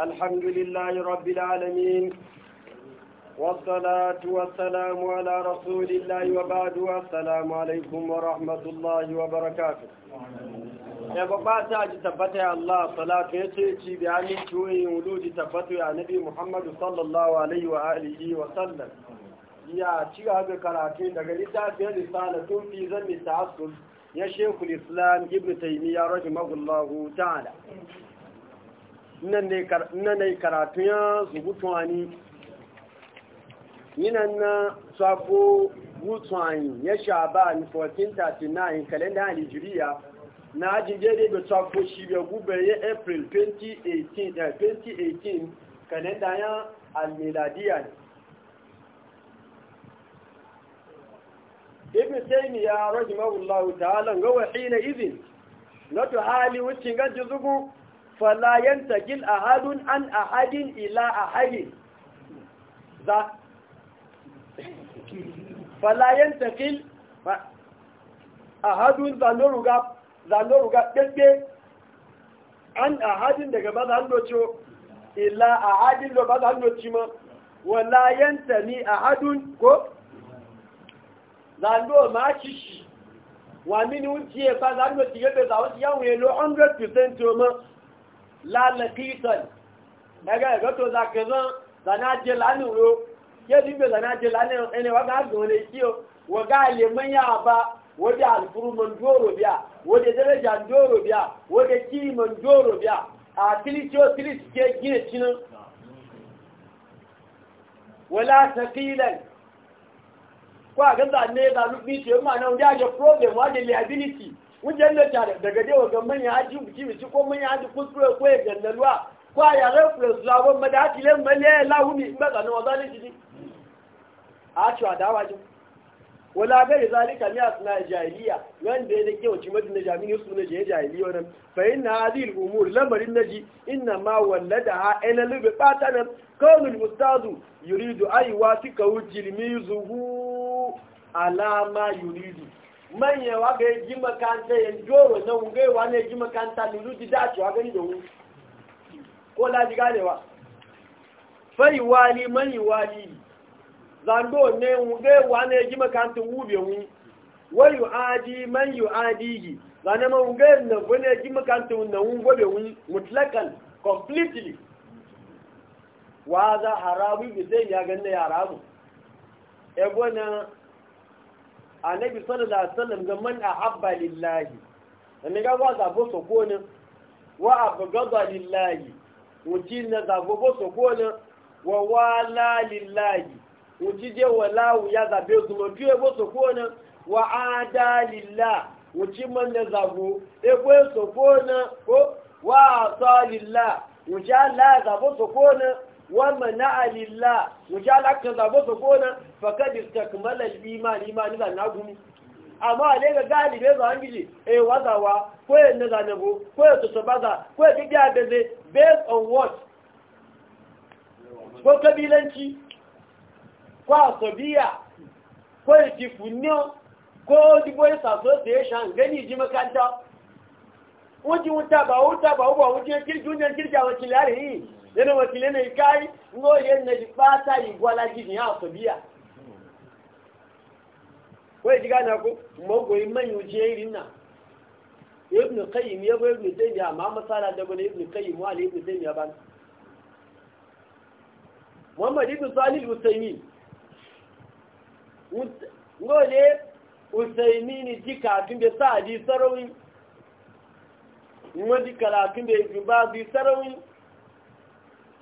الحمد لله رب العالمين والصلاة والسلام على رسول الله وبعد والسلام عليكم ورحمة الله وبركاته يا بابا تاج تبت يا الله صلاة يتيجي بعلي شوي ولود تبت يا نبي محمد صلى الله عليه وآله وسلم يا شيخ هذا كراتين دقلتا في رسالة في ذنب التعصب يا شيخ الإسلام ابن تيمية رحمه الله تعالى nanai ne karatu ya zubutu ani yinan na tsako mutu ani ya sha'ban 1439 kalenda nigeria na ajiye da da tsako shi ya gube ya april 2018 eh, kalenda ya almiladiya ibn taymiya rahimahullahu ta'ala ga wahina idin na tuhali hali wucin gajin zubu fala a ahadun an ahadin ila ahadin za fala yantakil ahadun zanoruga zanoruga ɗaɗɗe an ahadin daga ba za handoci ila ahadin da ba za handoci ma wala yantani ahadun ko zando ma ci shi wa mini wunciye fa zanoci yadda za wasu yawon yalo 100% ma lálẹ́kìtàn ẹgbẹ́ ẹ̀gọ́ tó zàkẹ́sán zànájẹ́ lánìwó yẹ́ ti gbé zànájẹ́ lánìwó ẹni wọ́n ká gùn lè kí o wọ́n ká lè mẹ́yà àbá wọ́n dé àlùfúrúmọ̀ ndóòrò bíà wọ́n man doro ndóòrò bíà wọ́n dé kíìmọ̀ ndóòrò bíà àtìlítí ó tìlítí jẹ́ gíẹ̀ tínú wọ́n látẹ̀kìlẹ̀ kó àgẹ́sà ní problem wọ́n liability wajen da tare daga dewa ga manya aji biki biki ko manya aji kuskure ko ya gandaluwa ko a yare kuresula ma da ake yin mali ya lahuni in baka nawa zalin jini a cewa dawa jin wala gari zalika ne a suna jahiliya wanda ya da kyau ci madina jami'in su na jaye jahiliya nan fahim na hazil umur lamarin na ji ina ma wanda da ha ina lube bata nan kawai mustazu yuridu aiwa suka wujilmi zuhu alama yuridu manya wa ga ji makanta yin joro na wunge wa ne ji makanta lulu ji dace wa gani da wu ko la ji ganewa fari wali mani wali zando ne wunge wa ne ji makanta wu be adi wa yuadi adi yi. zane ma wunge na bane ji makanta na wu gobe wu mutlakan completely wa za haramu bi zai ya ganna ya haramu ebo na annabi sallallahu alaihi wasallam ga man ahabba lillahi ne ga wa zabo so ko ne wa abgada lillahi wuci na zabo bo so ko wa wala lillahi wuci je wala ya zabe su mo biye bo so ko ne wa ada lillah wuci man na zabo e ko so ko ko wa ta lillah wuci Allah zabo so ko ne wama na alilla wuce alaƙa zaba su gona fakadi ta kamalar imani imani za na gumi amma a daga galibe za an gidi eh wazawa ko ya na zanabo ko ya tuta baza ko ya gidi a gaze based on what ko kabilanci ko asabiya ko ya ko funyo ko dibois association gani ji makanta wuce wuta ba wuta ba wuce kirki wujen kirki a wakilari yi nínú wakilé na ikai ní oye na ìfáta ìgbọ́lájì ní àtọ̀bíyà wọ́n ìjíká náà kó mọ́gbọ̀ imẹ́yìn ojú erin náà ibn kayyim ya bai ibn taymiya amma masala da bane ibn kayyim wa ibn taymiya ban muhammad ibn salih Usaini ni jika sa'adi sarawi kala ibn sarawi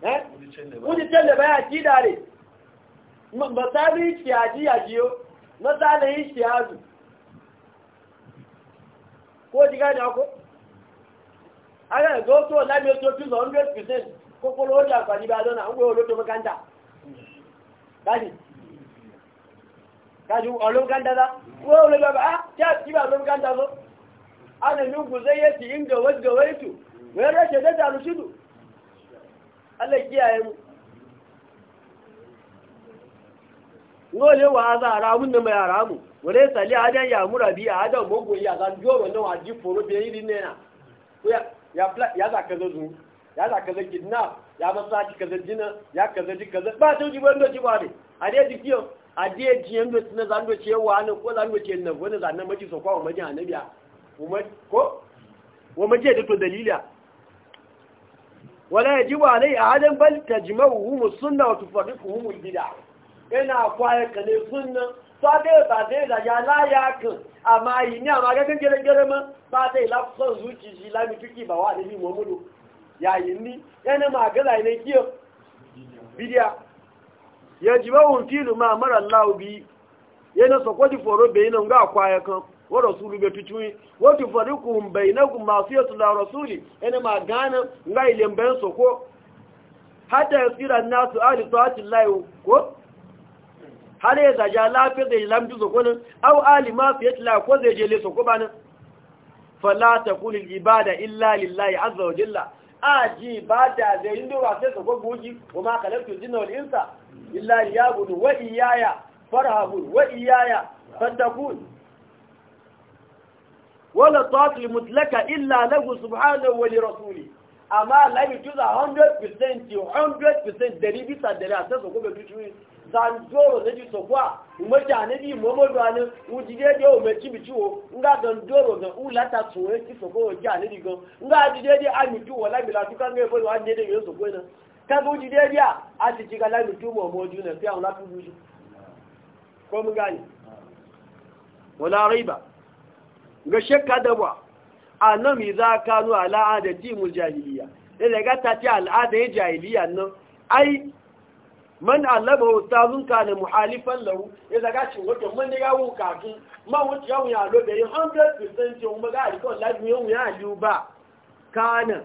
wọ́n ti tẹ́lẹ̀ báyà kí dáre mọ̀sáàrí ìṣẹ́ àjíyàjí ó mọ́sáàrí ìṣẹ́ àjù kó jíká ní ọkọ́ agẹ́gẹ́ tó lábí ó tó tílọ 100% kókóró ó jàǹfà níbi adọ́nà ń gbé olóto mọ́kántà káàdì káàdì ọlọ́mọ́kántà lá wọ́n olóto bàbá á tí a ti bá ọlọ́mọ́kántà lọ Allah kiyaye mu wole wa za ramu da mai haramu wale sali a ya mura rabi a adan mongo a za joro na wa ji foro biyan iri nena. ya za kaza zu ya za kaza kidna ya masaji kaza jina ya kaza ji kaza ba to ji wanda ji ba ne a dai ji kiyo a dai ji yan tuna na ndo ce wa ne ko zan ndo ce nan wani za nan maji so kwa maji na biya? ko wa maji ya to dalila wala yajibu alai ahadan bal tajma'uhum as-sunnah wa tufarriquhum al-bid'ah ina kwaye kale sunna sabe ba dai da ya la ya kan amma yi ne amma ga kankere gare ma ba dai la son zuci shi la mi tuki ba wa da bi muhammadu ya yi ni yana magana ne kiyo bidiya yajibu filu ma mara Allah bi yana sokoti foro be ina ga kwaye kan wa rasulu be tucui wa tufariquhum bainakum ma'siyatu la rasuli ina ma gana ngai lemben ko hata yasira nasu ahli ta'ati llahi ko har ya zaja lafi da lamji soko nan aw ahli ma'siyati la ko zai je le ko bana fala taqul al-ibada illa lillahi azza wa jalla aji bada zai indo wa sai soko goji wa ma khalaqtu al-jinna wal-insa illa yabudu wa iyaya farhabu wa iyaya fattaqun wala ta'til mutlaka illa lahu subhanahu wa li rasuli amma la yujuza 100% 100% dari bisa dari a sassa kuma tuci zan doro na ji sokwa umarci a ciwo nga doro ci a gan nga a wa a ga shakka da ba a nan mi za ka zo al'ada dimul jahiliya da ga ta ce al'ada ya e jahiliya nan ai man allaba ustazun ka ne muhalifan lahu ya e zaga shi wato man ne yawo kafin ma wuce yawo ya lo da 100% yau ma ga alƙawarin lafiya yau ya ba kana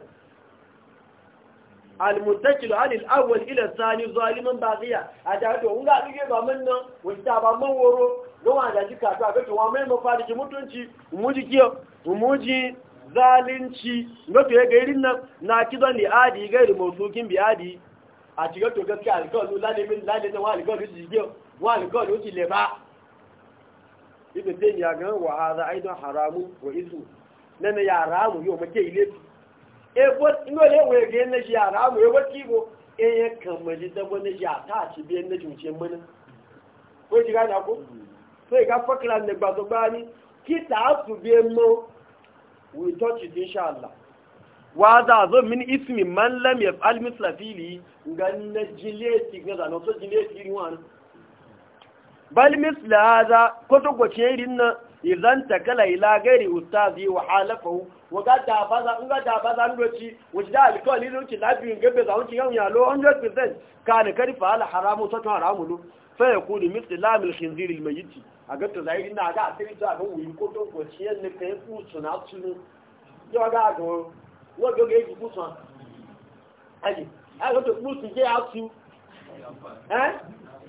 المتكل عن الأول إلى الثاني ظالما باغيا أتعرفوا هنگا أبيجي بامنا وستابا مورو لما أجاجي كاتوا أبيجي وامين مفارج متنشي وموجي كيو وموجي zalunci wato ya gairin nan na kidon da adi gairi motsokin bi adi a cikin to gaske alkawalin lalimin lalimin wa alkawalin su jige wa alkawalin su leba ibn tayyib ya ga wa hadha aidan haramu wa isu nan ya haramu yau mace ile ebot ngole we na jiya na mu ebot kigo e ya kamali da bo na jiya ta ci biyan na juce mana ko ji ko sai ga fakla ne gba ki ta su biyan mo we min ismi man lam yaf'al misla fili ngan na jile ti ga so jile ko na idan ta kala ila gari ustazi wa halafu wa ga da baza in ga da baza ndoci wuci da alkawali labi in gabe za wuci yau yalo 100% kana karfa al haramu to haramu lu fa yakunu mithl lamil khinzir al mayyit a ga to zai ina ga asiri to ga wuyi ko to ko ciyen ne kai ku suna tunu yo ga go wo go ga ku suna aje a ga to ku su je asu eh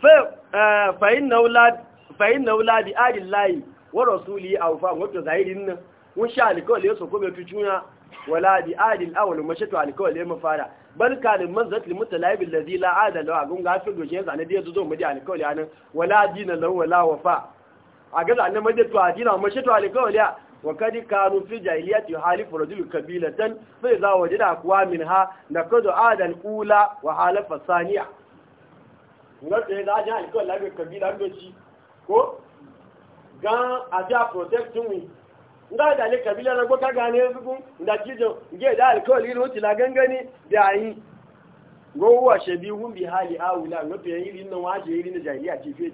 fa'in eh, na wula di adin layi wa rasuli a wufa wato zahirin nan kun sha alikawar ya soko mai tujuna wala di adin awalin mashatu alikawar ya mafara bal da man zatli mutu laibin lazi la'adar lawa gun gafin doshe ya zane da ya zo madi alikawar ya nan wala dina lau wala wafa a gaza annan madi to adina mashatu alikawar ya wa kadi kanu fi jahiliyati halifu rajulu kabilatan fa kuwa min ha, na naqadu adal ula wa halafa saniya nọ́tẹ̀ ẹ̀dá ajá àìkọ́ lábẹ́ ìkọ̀bí lábẹ́jì kó gan àti àpòtẹ́kùn wì ndá ìdàlẹ́ kẹ̀bí lẹ́nà gbọ́ kága ní ẹgbẹ́gbùn ìdàjíjọ ìgé ẹ̀dá àìkọ́ lílo ti la ní bí ayé gbówó ọ̀ṣẹ̀ bí wúbi hali áwùlà nọ́tẹ̀ ẹ̀yìn rí náà wọ́n ilé àti ìfẹ́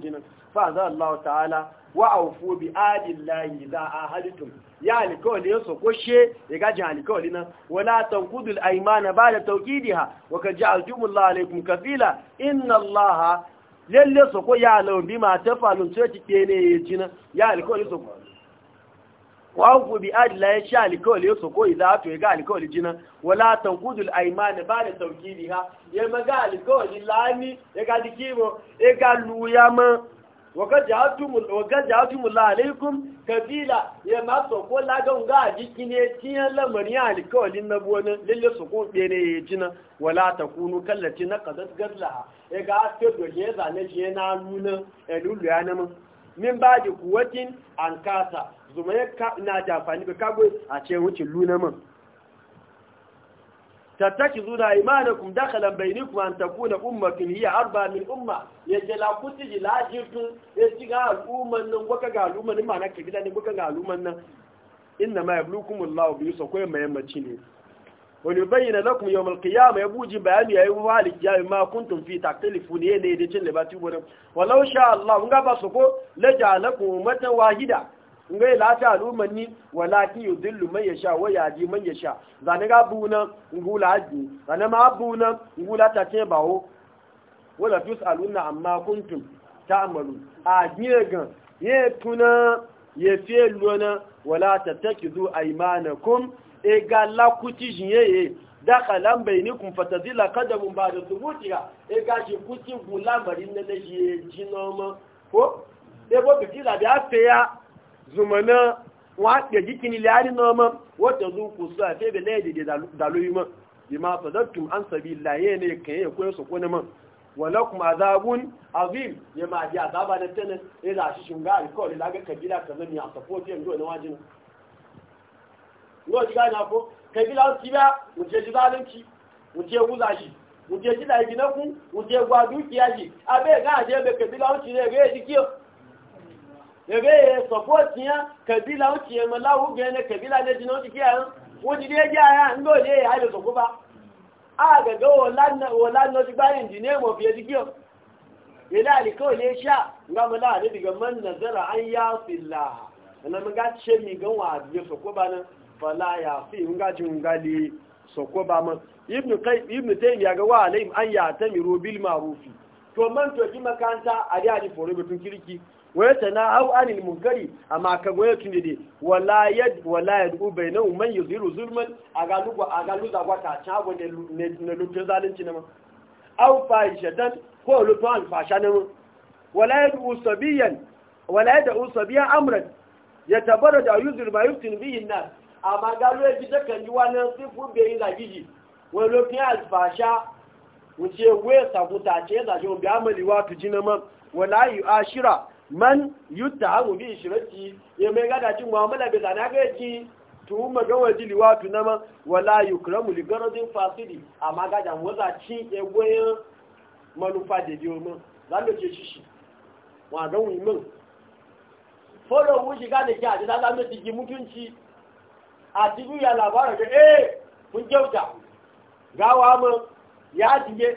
fa za Allah ta'ala wa aufu bi adillahi za a halittun ya alkawli yaso koshe ya gaji alikawali nan wala tanqudu al-aymana ba'da ha wa kad ja'altumullahu alaykum kafila inna Allah lalle so ko ya alawun bi ma ta tafalun sai ti kene ya ci yijina ya alkawli so wa aufu bi adillahi sha alikawali yaso ko idza to ya ga alikawali jina wala tanqudu al-aymana ba'da tawqidiha ya maga alkawli lani ya ga dikibo ya ga luyama mula alaikun kabila ya ma ko lagan ga jiki ne lamari a alikawalin na buwani lalle su ko tsere ya jina wala ta kunu kallaci na kazas gazla ya ga aske dole ya zane shi yana nuna elulu ya naman min ba da kuwatin an kasa zuma ya na jafani ka kagwai a ce wuce lunaman تتخذون ايمانكم دخلا بينكم ان تكون امه هي اربع من امه يجلا كتي لا جيتو يجيغا الامه نن وكا ما نك غدا نن وكا غا نن انما يبلوكم الله بيسو كوي ميمتي ني ويبين لكم يوم القيامه يبوجي بيان يا ايها الرجال ما كنتم في تختلفون يني دي تشن لباتي ولو شاء الله غبا سكو لجعلكم امه واحده ngai la ta alumani walaki yudillu man yasha wa yaji man yasha zani ga buna ngula ji zani ma buna ngula ta ce bawo wala tusaluna amma kuntum ta'malu a gan ye tuna ye fe lona wala tattakizu aymanakum e ga lakuti jiye dakala bainakum ba da ba'da thubutiha e ga shi kuti gula marin na je jinoma ko e bo bi da da ya zumana wa ya jikini lari noma wata zuku su a febe laye da daloyi ma bi ma fadattum an sabilillahi ne kan ya koyo su kone ma. wala kuma azabun azim ya ma ji azaba da tana ya da shi shunga alkawari laga kabila ka zani a safoti yanzu na wajin yau ji na ko kabila su ba mu je ji ki mu je wuza shi mu je ji da gina ku mu je gwa dukiya shi abe ga je be kabila o ne ga ya ji kiyo ebe ya support ya kabila wuce ya oge wuge kabila na jino jiki ya wuce da ya ji aya ya haɗe su ba a gaga wala na ya bayan jine mo fiye ya ila alikawai ya sha ga mala ne nazara an ya fila na mga ce mi gan wa biye su ba nan fala ya fi nga ji nga li ibn ya ya to man to ji makanta a wata na hau anil munkari amma ka goya tuni de wala yad wala yad u bainahu man yuziru zulman agalu gwa agalu da gwata ta go na ne lutun zalunci ne ma aw fahishatan ko lutun fasha na ma wala yad u sabiyan wala ya u da amran yatabarraj aw yuzir ma yuftin bihi an amma galu ya ji dakan ji wannan sifu be yi. da giji wani lutun alfasha wuce we sakuta ce da jo bi amali wa tujinama wala yi ashira man yutta abu bi shirati ya mai gada cin mu'amala bai zana ga yaki tuhuma ga waje liwatu nama wala yukramu li garadin fasidi amma gada waza ci egoyin manufa da biyo mun zan da ce shi wa don wi mun foro wu shi ga da ki a da zan da ki mutunci a tibu ya labara ga eh kun kyauta gawa mun ya tige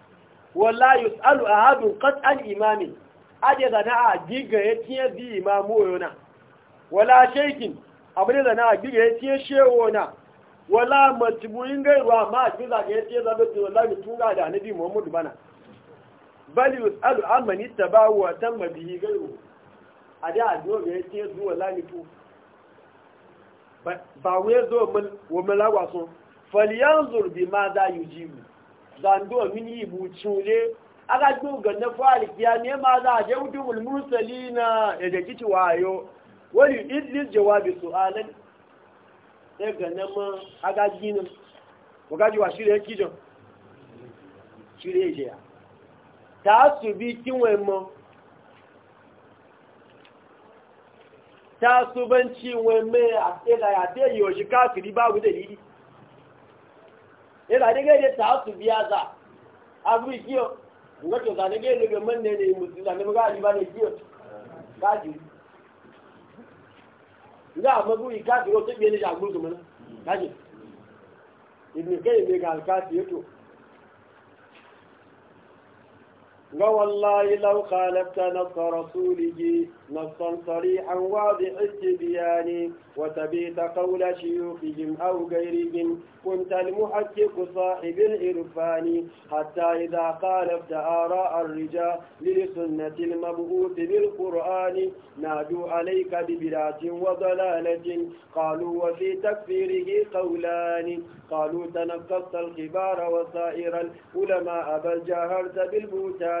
wala yus'alu ahadun qat an imami aje zana a giga ya tiye bi imamu yona wala shaykin abin zana a giga ya tiye shewo na wala matbuin gairuwa ma a giza ga ya tiye zabe to wala mutunga da annabi muhammadu bana bal yus'alu amman ittabahu wa tamma bihi gairu aje a do ga ya tiye zuwa lamitu ba wai zo mun wa malawa so falyanzur ma za yujibu a mini bucule aka doga na kiya ne ma za a jaudu mulmursali na ya jaki ci wayo wani idlis jawabi su'alan daga na ma aka ginin wagaji wa shirya kijin shirya jiya ta su bi kinwai ma ta su banci wai mai a tsela ya te yi wa shi kafiri babu dalili yana eh, da gaje ta biya za a kiyo ga adịghị da gaje ne man ne ne musu da ne ga liba ne kiyo ga ji ga ma bu ka ji o ne gudu mana ga ji kai ne ga alkati yato ووالله لو خالفت نص رسوله نصا صريحا واضح التبيان وتبيت قول شيوخهم أو غيرهم كنت المحقق صاحب العرفان حتى إذا خالفت آراء الرجال لسنة المبعوث بالقرآن نادوا عليك ببلاد وضلالة قالوا وفي تكفيره قولان قالوا تنقصت الكبار وسائر العلماء بل جاهرت بالبوتان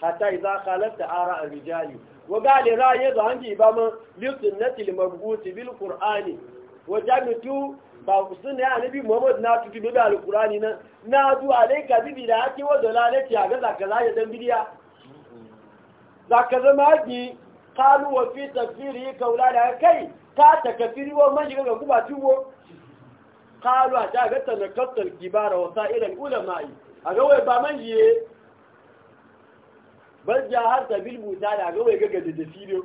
hatta idza khalatta ara ar-rijali wa gali ra'ayi da hanji ba mun li sunnati al-mabghuti bil qur'ani wa jamitu ba sunna annabi muhammad na tuki da al-qur'ani na na du alayka bibi da haki wa dalalati a ga zakaza ya dan bidiya zakaza maki qalu wa fi tafsiri ulala kai ta kafiri wa man shiga ku ba tuwo qalu a ta ga tanakkatul kibara wa sa'ir al-ulama'i a ga wai ba man bal har bil buta da ga wai ga da filo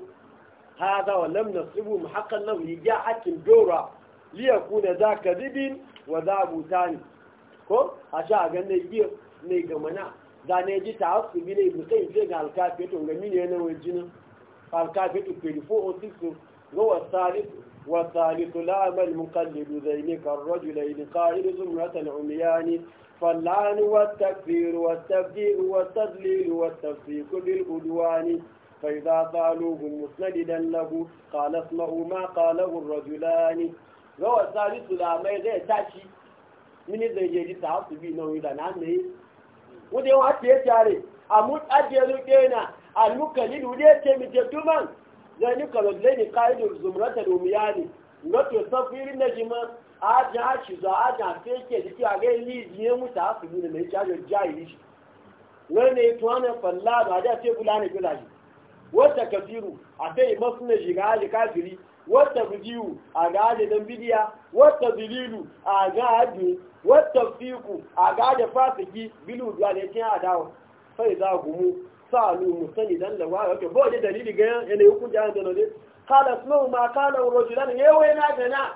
hada wa lam nasibu muhaqqan lahu ya hakin dora li yakuna za kadibin wa za butani ko a sha ga ne biyo ne ga mana da ne ji ta su bi ne buta in ga alkafi to ga mini ne wai jinin alkafi to 2406 ga wasalif والثالث لا ما المقلد ذينك الرجلين قائل زمرة العميان فاللعن والتكفير والتبديع والتضليل والتفسيق بالعدوان فإذا قالوه مسندا له قال اسمعوا ما قاله الرجلان روى الثالث لا ما يغير تاشي من إذا يجي تعصب بينا وإذا نعمه ودي وحتى يتعري أموت أجل كينا المكلل ودي يتمي تكتما ذلك رجلين قائد الزمرة الأمياني نتو صفير النجمة aja shizo aja feke jiki a gai liji ne mutu hasu ne mai cajo jayi shi wani ne tuwa ne falla da aja ce kula ne kula shi wata kafiru a ta yi masu shiga aji kafiri wata bujiyu a ga aji dan bidiya wata bililu a ga aji wata fiku a ga aji fasiki bilu duwa ne cin adawa sai za gumu sa'alu musani dan lawa ya ke bo da dalili ga yanayi hukunci a yanzu na dai kala snow ma kala rojulani yawai na gana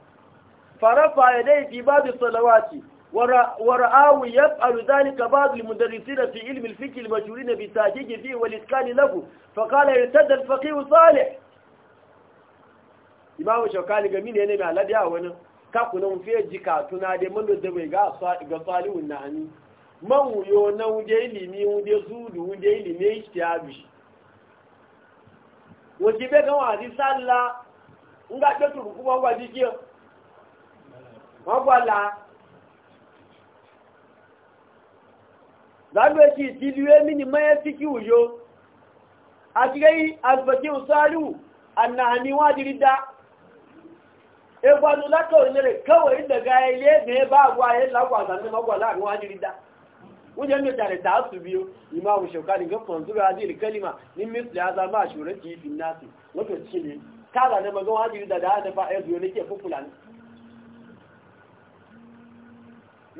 farafa ya dai fi babu salawati ورآه يفعل ذلك بعض المدرسين في علم الفقه المشهورين بالتحقيق فيه والإتقان له فقال ارتد الفقيه صالح imamu shakali ga mine ne mai alade a wani kakuna mafi jika tuna da mando da mai ga salihun na hannu na wuje ilimi wuje zulu wuje ilimi ya shi ya sallah wọ́n gbọ́la lágbèsí ìtìlú èmì ni mẹ́yẹ́ sí kí òjò àti rẹ́yí agbèsí òsáàlù ànàní wọ́n dìrí dá egbọ́nù látọ̀ ìlẹ̀rẹ̀ kẹwẹ̀ ìdẹ̀gá ilé ebe bá àgbà ayé lágbà àtàmì mọ́gbà láàrin wọ́n dìrí dá wuje mai tare da asu biyu imamu shaukani ga fanzura hadil kalima ni misli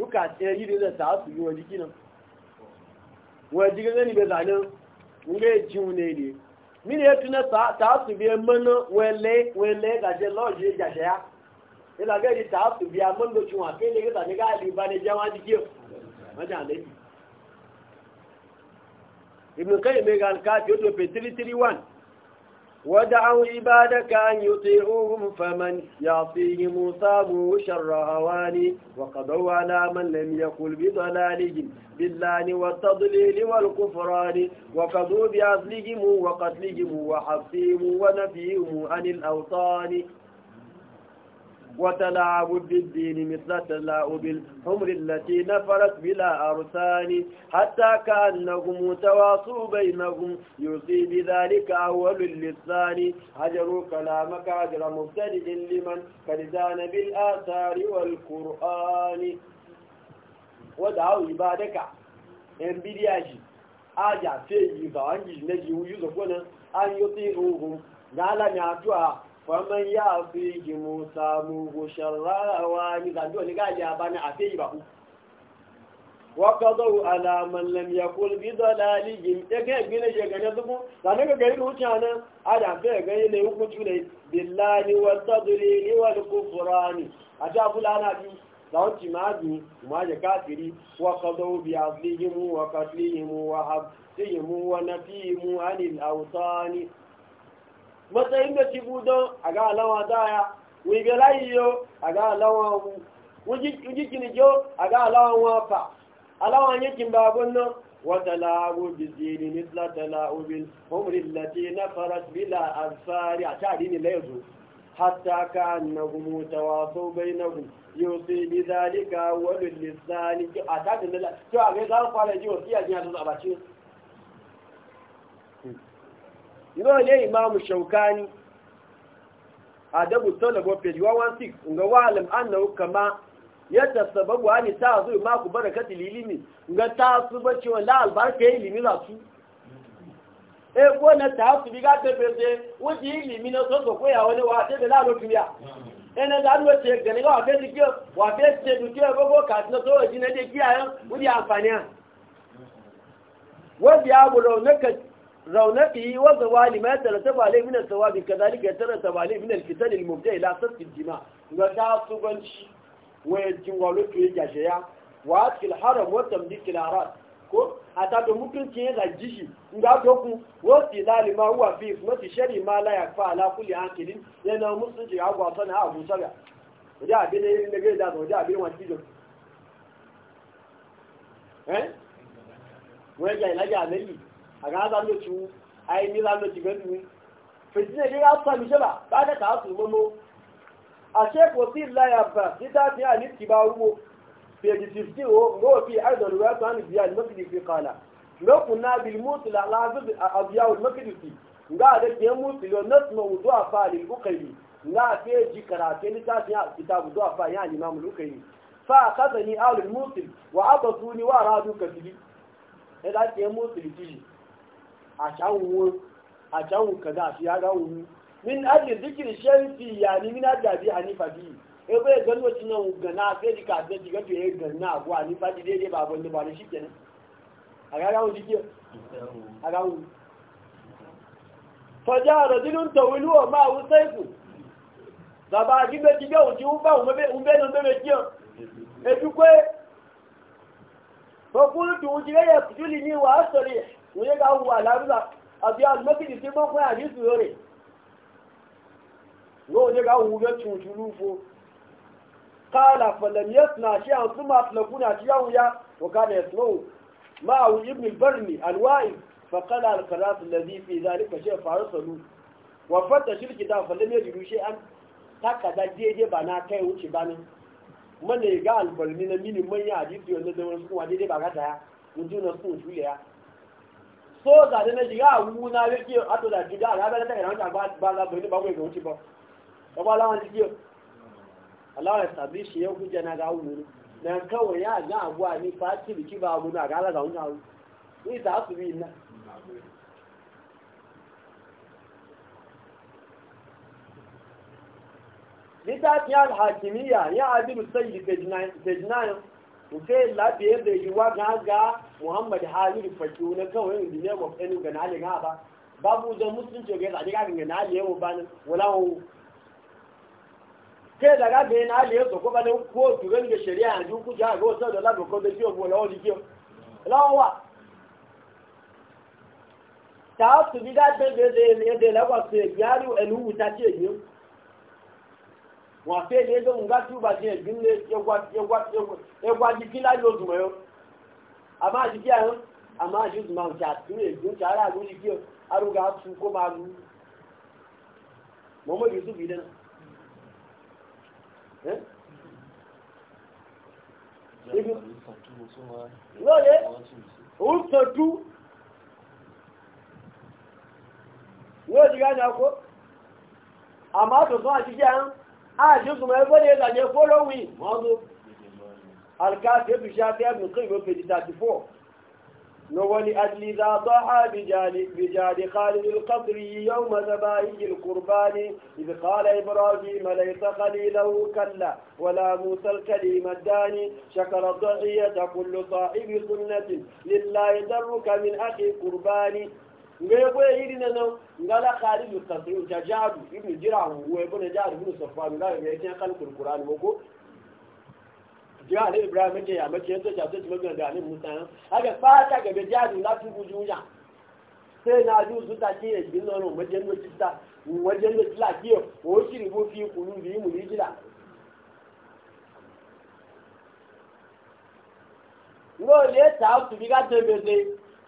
duka ɗaya yi da ta su yi wa jiki nan wa jiki zani bai zanen nge jiun ne ne mini ya tuna ta su biya mana wele wele gaje lọji gaje ya ila ga di ta su biya man do chuwa ke ne ga ne ga ali ba ne jama jiki ma ja ne ibn kayyim ga al-kafi 2331 ودعوا عبادك أن يطيعوهم فمن يعصيهم مصاب شر هواني وقضوا على من لم يقل بضلالهم باللان والتضليل والكفران وقضوا بعزلهم وقتلهم وحفهم ونفيهم عن الأوطان وتلاعب بالدين مثل تلاعب الحمر التي نفرت بلا أرسان حتى كأنهم تواصوا بينهم يوصي بذلك أول للثان هجروا كلامك عجر مبتدئ لمن فلزان بالآثار والقرآن ودعوا عبادك انبياجي aja fe yi ba an yi na ji wuyu zafonan an faman ya fi ji musa mugu shararawa ni zandu wani gaji a bani a fi yi baku waka zau alaman lam ya kulbi zalali jim ya ga yabi na shekane zuku zanen ga gari da wuce nan a da fi gani na yi hukunci ne billani wa sadiri ni wa kufurani a ta fulana biyu zaunci mazi ma da kafiri wa kazau bi aslihimu wa katlihimu wa habsihimu wa nafihimu anil autani matsayin da ti budon a ga alawa daya wigalayi yo a ga alawa mu wujikini jo a ga alawa wafa alawa yakin babun nan wata lagu bizini nisla ta la'ubin umarin lati na faras bila alfari a tari ne laizu hatta ka na gumu ta waso bai na gumu yau sai bi zalika wani lissani a tari ne laizu a ga zafara jiwa fiye jiya zuwa a bacin ìrọ̀lẹ́ ìmáàmù ṣaukani adabu tolabo page 116 nga wa'alam annahu kama Ya yatasababu ani ta'zu ma ku barakati lilimi nga ta ta'su bace wala albarka ya ilimi za su e ko na ta ta'su bi ga te beze wuti ilimi na so so ko ya wani wa te da lo tuya ene da lo te gani wa fe dikio wa fe te gogo ka tna to ji na de kiya yan wuti amfani an wadi abulo na ka رونقه وزوال ما ترتب عليه من الثواب كذلك يترتب عليه من الفتن المبدئ لا صدق الدماء وكا صغنش ويجوالو في جاشيا وعدك الحرم وتمديك الأعراض ko a tabi mutunci ya zaji shi ga doku wasu lali ma huwa fi mafi shari ma la ya fa ala kulli hankalin yana mutunci ya gwa sana a abu saga wajen abin da yin da gai da wajen abin wani don eh a ga za mu ci ai ni za mu ci gani fitina ne ya sami shi ba ba da ka su a shek wasil la ya ba ita ta ali kibaru page 50 wo go fi aidan ruwayatu an ziyad makdisi kala. lo kunna bil mutla lazib abyaul makdisi nga da ke mutlo nasma wudu'a fa lil uqayli nga fe ji karate ni ta ta kitabu du'a fa ya imam al uqayli fa akhadhani al mutil wa atasuni wa radu kasbi ila ke mutil a shawun a shawun kaza shi ya gawo ni min ajli zikri shamsi yani min ajli abi hanifa bi e bai gano cinan gana sai dika sai dika to ya gana ko hanifa dai dai ba wanda ba ne shikenan a ga gawo dike a gawo faja rajulun tawilu wa ma'u sayfu baba gibe gibe oji u ba umbe umbe no bebe kio e dukwe Fakultu ujire ya kujuli ni wa asori wọ́n yẹ ká wù àlárúbà àbí alùmọ́kìdì tí wọ́n fún àdísù rẹ̀ wọ́n yẹ ga wù yẹ tuntun lúfo kala falamiyas na shi an suma fulakuna shi yawon ya wakana ya snow ma'awu ibn barni alwa'in فقال القراص الذي في ذلك شيء ta, وفتش الكتاب فلم يجدوا شيئا هكذا جيجي بنا kai wuce bana mana ga albalmi na mini manya hadisi wanda da wasu kuma daidai ba ka ta ya na su juliya sóòtà ní ya yá na náà rí kí àtòdà jùjá àgbẹ́lẹ́ tẹ́kẹ̀ ta jàgbá gbálábò ní báwọn èèyàn ti bọ́ ọba aláwọn ti kí o aláwọn ẹ̀sàbí ya é kú jẹ́ ga na kawai ya ga abuwa ní fásitì na bá wù náà gálà gàún ya zai labiye da yiwa ga ga muhammad hamidu faki wani kawai yin duniya ma ga nali ga ba babu zan ce ga zaɗi ga ga nali yawo ba ne? wala wu kai ga yi nali yawo ko ba ko turan ga shari'a a duk kuja ga wasu da labar ko da kiyo ko lawa jikiyo lawa ta su bi da ta da da da labar su ya gyari elu da ce biyu wọ́n fẹ́ lé lóhun gá tí ó bá ti ẹ̀gbín lé ẹgbà di kí láyé oṣù mọ́ yọ́ a máa di kí àyán a máa di oṣù máa ń ṣàtúnlẹ̀ ìgbín tí ara àgbóni kí arúgà tu kó máa lu mọ́mọ́ yusuf yìí dẹ́nà. lóye òun sọ̀tú lóye ìgbà ní ọkọ̀ àmọ́ àtọ̀tún àti kí àyán. àjọsùnmọ̀ ẹgbẹ́ ní ìlànà fọ́lọ́wì wọ́n tó alkafi ẹbí ṣáfẹ́ ẹbí kí ìwé pèjì 34 lọ́wọ́ ni adìlíza tó á bìjáde khalil al-qadri yau mazaba igil kurbani ibi kala ibrahim alaisa khalilahu kalla wala musal kalimar dani shakara da'iya ta kullu sa'ibi sunnatin lillahi darruka min aki kurbani nga ebo iri na nan nga la khari bi kasru jajadu ibn jirahu wa ibn jari ibn safwan nga ya tin kan kurkurani ko jira ibrahim ya mace to ja to ti magan da musa aga ga be jadu la tu buju ya sai na ju su ta ke bin nan mu je nwoke ta mu je mu ke o shiri bo fi kunu bi mu ni jira ngo le ta tu bi ga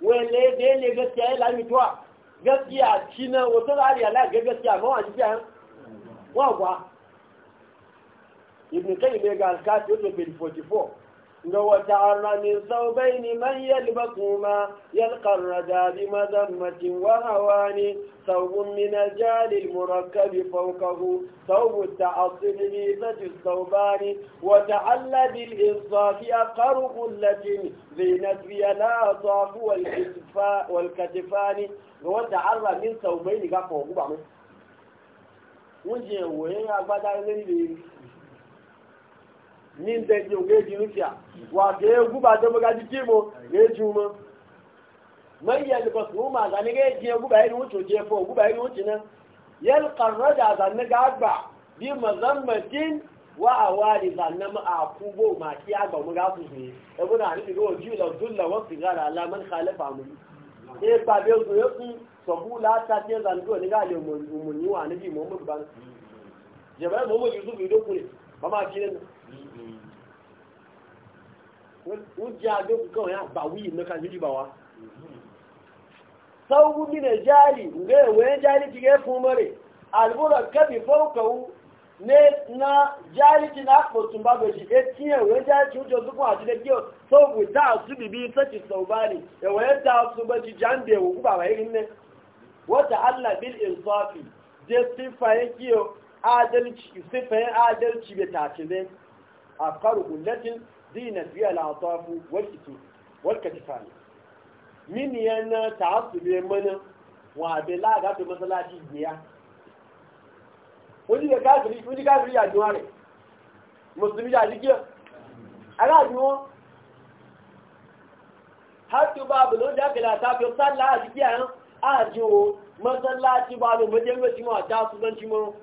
wele da ne gaskiya ya lami tuwa gaskiya shi na wata zari ya lafi gaskiya ma wani jiya wa gwa ibn kai ne ga alkati wato تعرى من ثوبين من يلبسهما يلقى الردى بمذمة وهوان ثوب من الجال المركب فوقه ثوب التعصب ميزة الثوبان وتعلى بالإنصاف أقر قلة ذي نسبي الأصاف والكتفان تعرى من ثوبين قفوه بعمل وجه وين أبدا للبيت ní ìdẹ́jì òun èjì ń fìyà wà dé egúbà dẹ́mọ́gá ti kí mo èjì mọ́ mẹ́yẹ nìkan sùn mà àgbà nígbà èjì egúbà yìí ni wọ́n tó jẹ fún ògúbà yìí ni wọ́n ti ná yẹn kàrọ́ dà àzànẹ́gà àgbà bí mọ̀zánmọ̀tín wà àwa àdìzànẹ́mọ́ àkúgbò mà kí àgbà òmùgá fún mi ẹgbẹ́ náà níbi kó ojú ìlọ dúnlọ wọ́n fi rárá alámọ́n kálẹ̀ fàmù ipa bí ogun yóò kún sọ̀kú láta tí ẹ̀zà nígbà nígbà lè mọ̀ níwà níbi mọ̀mọ́dù bá ń jẹ̀bẹ́ mọ̀mọ́dù yusuf ba ma àti nínú wọ́n jẹ́ àjọ kankan wọ́n yá bàwí ìmọ́ka nílì bà wá sáwọ́ gómìnà jáàlì ǹgẹ́ ìwé jáàlì ti gẹ́ fún mọ́rẹ̀ àlùbọ́dọ̀ kẹ́bì fọ́ọ̀kọ̀wú na jáàlì ti náà pọ̀ tún bá bẹ̀jì etí ẹ̀wẹ́ jáàlì ti oúnjẹ ọdún wata allah bil insafi je adalci sifayen afkaru kullatin dinat biya al'atafu masallaci ba bu majalmaci ma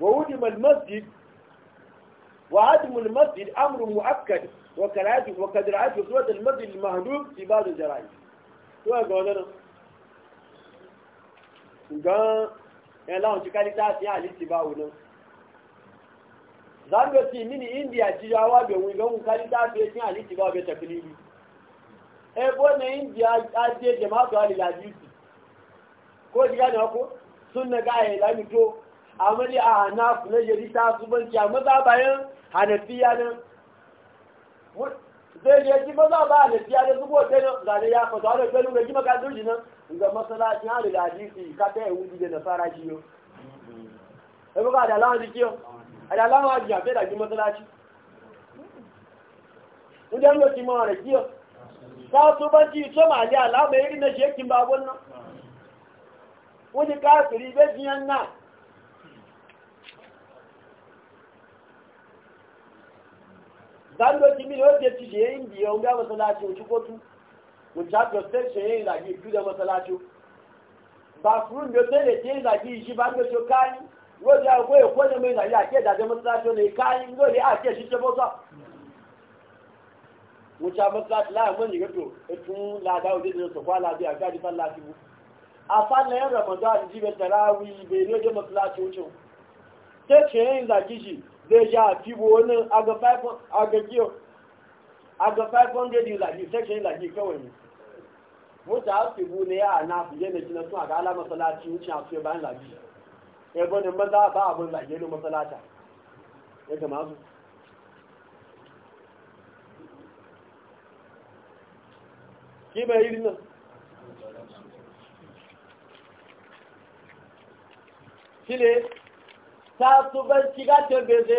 وهدم المسجد وعدم المسجد أمر مؤكد وقد رأيت صورة المسجد المهدوم في بعض الجرائم شو يقول لنا؟ قال يعني لهم شكالي تاتي على الاتباع ونم zangoti mini india ti yawa be gan kali ta be tin ali ti ba be e bo ne india a je jama'a ali la yusi ko diga ne ko sunna ga e la mi to amali a hana na jari ta zubanci a maza bayan hanafiya nan zai je ji maza ba hanafiya da zubo ta nan zane ya fasa wani kwallo ga gima kasar shi nan ga masalacin hada da hadisi ka ta yi wuri da nasara shi yau ya buga da alawan jiki yau a da alawan hajji hafe da gima masalaci inda yau yau kima wani kiyo ta zubanci so ma ali alama irin na shekin babon nan wani kafiri bai biyan nan sáàlù ti mílíọ̀ ó jẹ́ ti ṣe ń bí ọ̀hún bá mọ́sálásí òṣùpọ̀tù òṣàtọ̀ tẹ́ṣẹ̀ ń ìlàjì ìpínlẹ̀ mọ́sálásí bàfúrú ní ọ̀tẹ́lẹ̀ tí ìlàjì ìṣí bá ń gbé tó káyí lórí àwọn èkó ní ìlàjì àti ìdàjẹ́ mọ́sálásí ó lè káyí lórí àti ìṣiṣẹ́ bọ́sọ̀ òṣà mọ́sálásí láàmú ìrètò ètún làdá òdí ní sọ̀kọ́ alábí àti àdìfà láti wú afálẹ̀ ramadan jíbe tẹ̀ráwí ìbèrè ọjọ́ mọ́sálásí ó zai sha a cibo wani aga 500 yi lafi section yi lafi kawai ne mota bu ne ya na fi ne jina suna ga ala masalaci wuce a fiye bayan lafi ya gwani maza ba abin lafi yana masalata ya gama su ki bai yi nan shi ne tààtúbẹ́ntì gàtẹ́ bèèrè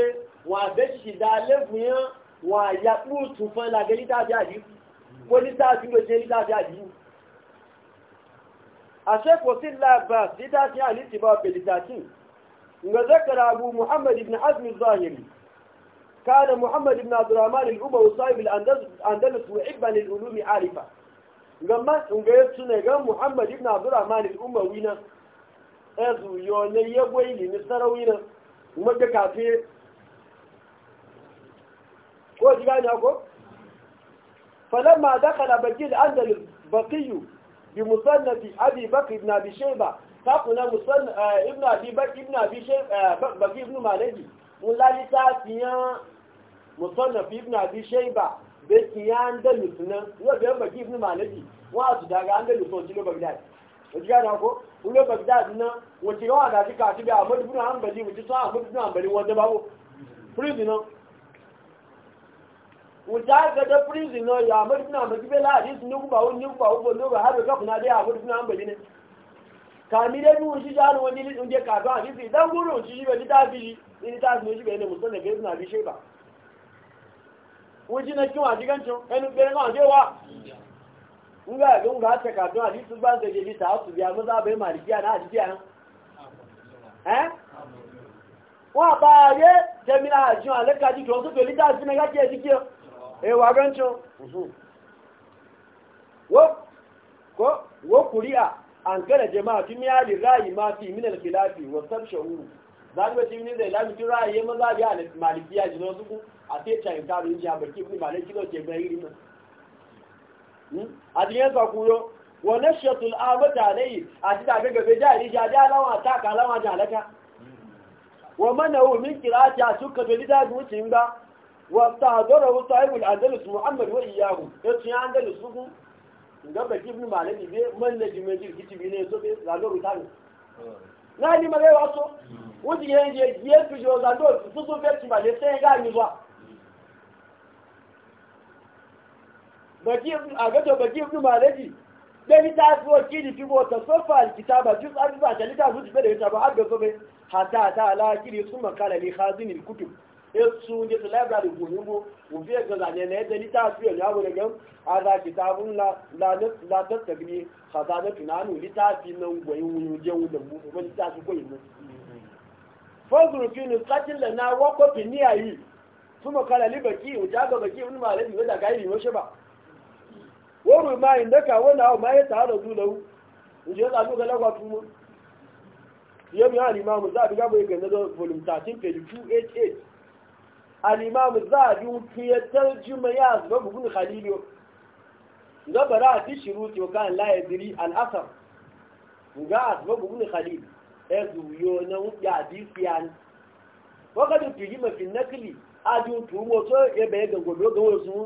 wọn àbẹ́ṣì dáalẹ́fìyàn wọn àyà púùtù fún A lítàbí àdíkù kó lítàbí gbèsè lítàbí àdíkù àṣẹ́kọ̀ọ́ sí láàbà lítàbí àlítìbá pèlítàtì ngazakara abu muhammad ibn azmi zahiri كان محمد بن عبد الرحمن الأموي صاحب الأندلس وحبا للعلوم عارفة لما Muhammad محمد بن عبد الرحمن wina. ezu yo ne yego ilimi sarawi na kuma ga kafe ko ji gani ko falamma dakala bakil andalus baqiyu bi musannati abi bakr ibn abi shayba kakuna musan eh, ibn abi bakr ibn abi shayba eh, bakr ibn malaji mun lalita tiyan musannaf ibn abi shayba be tiyan andalus nan wa be bakr ibn malaji wa su daga andalus to jilo bagdad wajiya na ko wule bagdad na wace yawa da suka ci bi ahmadu bin hanbali wace su ahmadu bin hanbali wanda babu prison na wace ga da prison na ya ahmadu bin hanbali bai lahadi su nuku bawo nuku bawo ba har da kafuna dai ahmadu bin hanbali ne kami da biyu shi jani wani litin da kasu a jisi dan gudun shi shi bai ta fi shi ni ta fi shi bai ne musamman da bai suna bi shi ba wajen na kin jigancin ɗan ɓerin wa kun ga yaga ga ta kafin hadisi ba da jeji ta su biya maza bai malikiya na hadisi nan eh wa ba ye jami'a hajji alaka to su to lita su ne kake jike eh wa gancho mhm. ko wo kuri'a an kada jama'a fi miyali rayi ma fi min al wa sab sha'uru zan ga timin da ilami tun rayi maza biya malikiya jino su ku a sai ta in yin in ji a ba ibn maliki ke ga irin àdìyàn sọkúrò wọ̀n lẹ́ ṣètò àbọ̀tà da àti tàbígbẹ̀fẹ́ jẹ́ ìrìṣà jẹ́ aláwọ̀ àtàkà aláwọ̀ àjẹ́ àlẹ́ká wọ́n mọ́nà omi kìrá àti àtúkọ̀ tó dídá ìgbìmọ̀ ti ń wa wọ́n ta àdọ́rọ̀ wọ́n tọ́ ìwòl àndẹ́lùsù muhammad wọ́n ìyàwó ètò yẹn àndẹ́lùsù fún ìgbàgbẹ́ kí fún ti ni wa a gato baki ibn malaji ɗani ta fi waki da fi bota sofa alkita kitaba, jus an ba ta lita zuci bai da yata ba har ga sobe hata ta alakiri sun makala ne hazinin kutu ya su ne su laibra da gobe mu wufe ga zane na yadda lita su yau yawo da gan a za kitabun ta bin latar ta gini haza na tunanu lita fi nan gwayin wuyin jen wuda mu kuma lita su gwayin mu. Fazurufinu katin da na wakwafin niyayi su makala libaki wuce ga baki ibn malaji wadda ga yi ba. wọ́n ma ìdá kàwọ́ náà ma yẹ tààrọ̀ tó lọ́wọ́ ìṣẹ́ ìlànà lọ́wọ́ fún wọn yẹ́mi alìmọ́mù záàbí gábọ̀ ìgbẹ̀ lọ́dọ̀ volume 13 page 288 alìmọ́mù záàbí ń fi ẹtẹ́ jùmọ̀ yá àzùbọ̀ bùkún khalilio zọ́bàrá àti ṣìrú tí ó ká ń láyé diri al'asar ga àzùbọ̀ bùkún khalil ẹ̀zù yóò na ń pè àdí sí àní wọ́n kọ́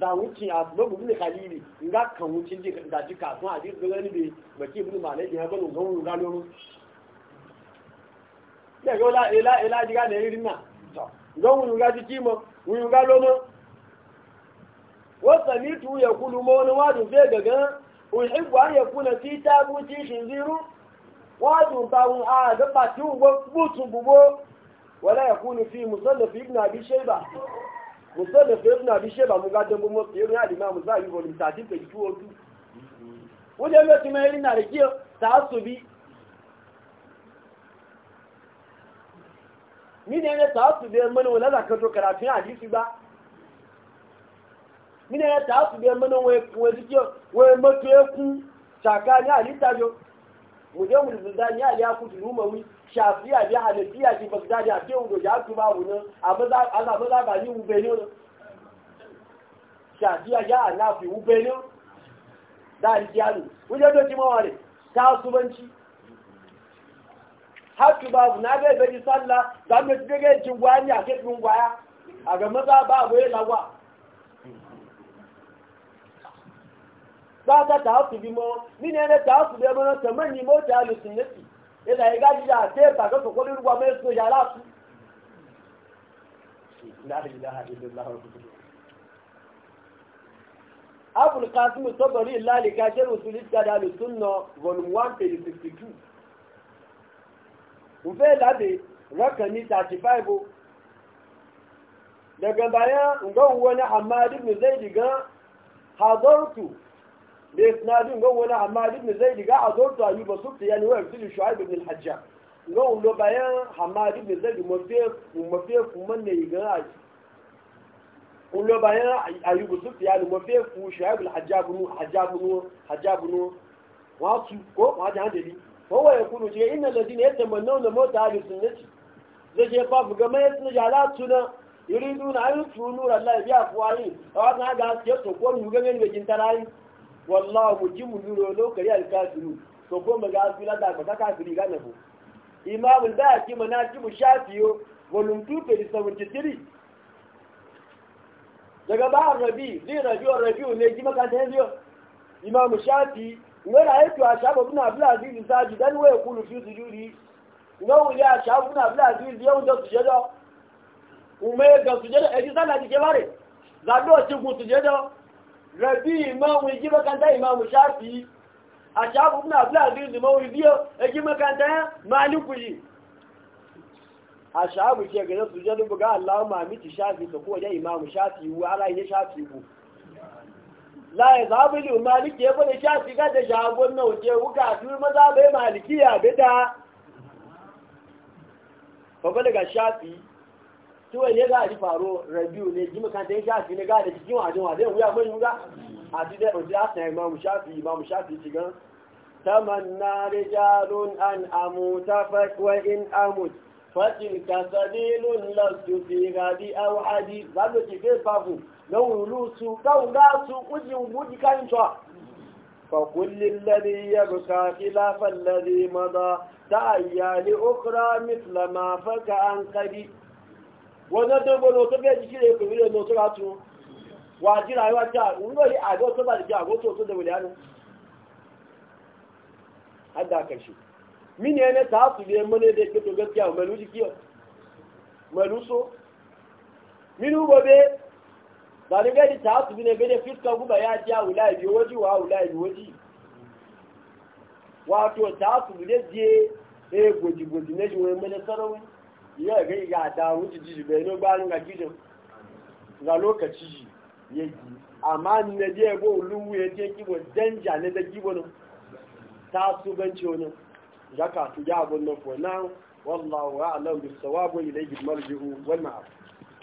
za wuce a babu bin khalili nga kan wuce ji da ji kafin a ji gani be baki bin malai da ban ga wuri galo ya ga la ila ila ji ga ne irin na ga wuri ga ji kimo wuri galo mo wasa ni tu ya kulu mo wani wadu zai daga uhibbu an yakuna fi tabuti shinziru wadu tawun a da ba ti wo butu bubo wala ya yakunu fi musallaf ibn abi shayba musamman fiye suna bishe ba mu gadon gumo fiye na limamu za a yi volum 13 page 202 wajen yau kuma yari na da kiyar ta su bi mine ne ta su biyar mana wani ka to karatun ba ne ta su biyar mana wani jikin wani mafi kun shaka ne a wajen mulmulda ya ya kudu rumawi shafiya ya halittiya ki ba su daji a ke wudo ya ku ba wunan a zama za ba ni wube ne wani shafiya ya ana fi wube ne da aljiyanu wajen doki mawari ta subanci hatu babu na bai bai sallah za mu ci daga yankin gwani a kai gwaya a ga maza ba a goyi e lawa. ba ta ta su bi mo ni ne ne ta su bi mo ta man ni mo ta lu sin yati e da ga ji da te ta ko ko ri ruwa me so ya la su la ilaha illallah abul qasim tabari lali ka sharh usul 1 page 62 ufe labe rakani 35 daga baya ya wani hamad ibn zaid ga hadartu da isnadin ga wani amma ibn zaid ga azurtu ayuba sufti yani wa ibn shuaib ibn al-hajjaj ngon lo bayan hamad ibn zaid mafe mafe kuma ne ga aji kun lo bayan ayuba sufti yani mafe ku shuaib al-hajjaj nu hajjaj nu hajjaj nu wa su ko wa da hadali ko wa yakunu je inna alladhina na mawta ahli sunnati zai je fa buga mai sunna jala tuna yuriduna an yutunu nura allahi bi afwahi wa ga ga ke to ko mu ga ne bejin tarayi wallahu mujibu duro lokari alkafiru to ko maga asila da ka kafiri ga nabu imam al-baqi manaqib shafiyo volume 273 daga ba rabi zai rabi wa rabi ne ji maka ta yanzu imam shafi ngara yake a shafa ibn abdul aziz saji dan waya kulu fi sujudi ngawu ya shafa ibn abdul aziz yau da sujada umayya ga sujada eji sala dike bare zado ci gu sujada rabi imamu yi makanta imamu shafi a shafi na abdullahi zuma wuri biyo ya ji kanta ya maliku yi a shafi ce gane su jadu shafi imamu shafi ara shafi maliki shafi ga da na wuce wuka maza ne tí wọ́n yẹ gáàdì fàárọ̀ rẹ̀bíù lè jí mẹ́kàntẹ́ ṣáàfì ní gáàdì tí wọ́n àdéhùn àdéhùn wíyà fún ìrúgá àti dẹ́ òtí àtẹ̀ ìmọ̀mù ṣáàfì ìmọ̀mù ṣáàfì ti gan tamanna rijalun an amuta fakwa in amut fatil kasadilun lasu fi gadi aw hadi zalo ti fe fafu lawun lusu kawun ga su kujin buji kan to fa kullil ladhi yabka khilafa alladhi maza ta ayyali ukhra mithla ma faka an qadi wọ́n tó gbọ́nà tó fẹ́ jíjí rẹ̀ pẹ̀lú ẹ̀nà tó rá tún wà jíra àríwá tí àwọn orí àgbọ́ tó bá lè jẹ àgbótò tó dẹ̀wẹ̀lẹ̀ ánú adákẹ̀ṣù mí ni ẹni tààtù lè mọ́lẹ́dẹ́ pé tó gẹ́ kí àwọn mẹ̀lú jíkí ọ̀ mẹ̀lú só nínú gbogbo bàdúgbẹ́ ni tààtù bí nẹgbẹ́ ní fífọ́ gúbà yá jẹ́ àwùlá ìbí owó wà àwùlá ìbí owó wà á tó tààtù lè jẹ egbòjìgbòjì lẹ́jọ́ mẹ́lẹ́ sọ́rọ́wẹ́ ya ga ya da wuce jiji bai no ba ga jijin ga lokaci ji ya ji amma na je go luwu ya je kibo danja ne da kibo no ta su banci wani zaka su ya abun nan for wallawa wallahu a'lam bis sawab jihu wannan al